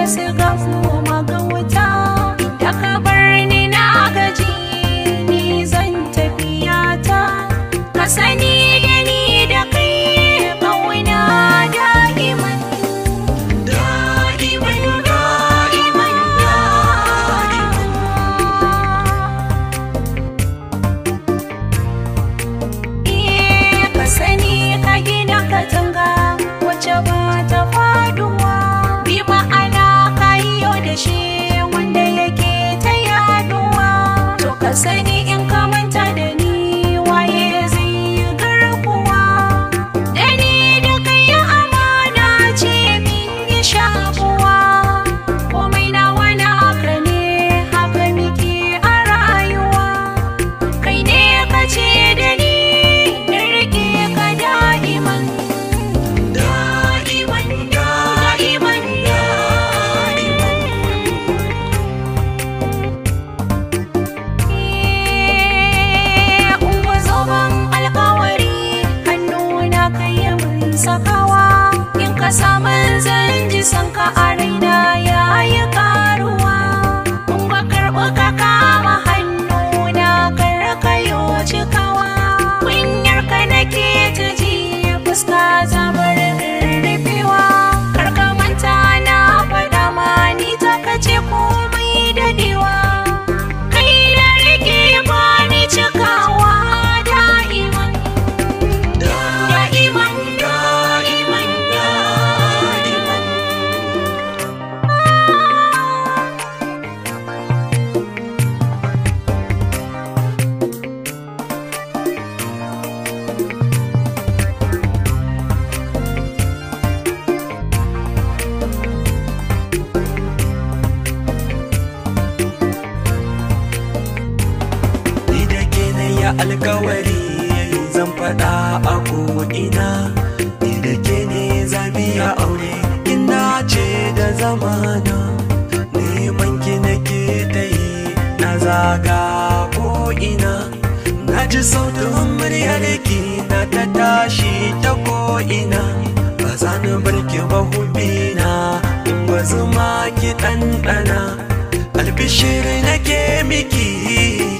da suka koma ga wuta da ka bar ni na gaji ni zan tafiya ta ka sani tchau. ka samun zan ji san ka a raina ya yi karuwa kun ba karɓi kaka alkawari zan faɗa a ko'ina ni da ke ne zami ya aure ina ce da zamana neman ki ke ta yi na zaga ko'ina na ji sautin muryar ki na ta tashi ta ko'ina ba za ni barki ba hubina in ba zuma ki ɗanɗana albishir nake miki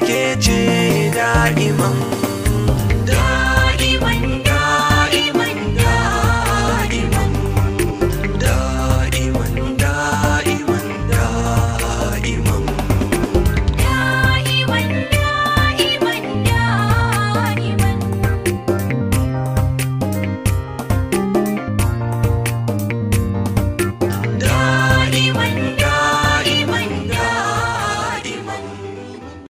ke ce da'ina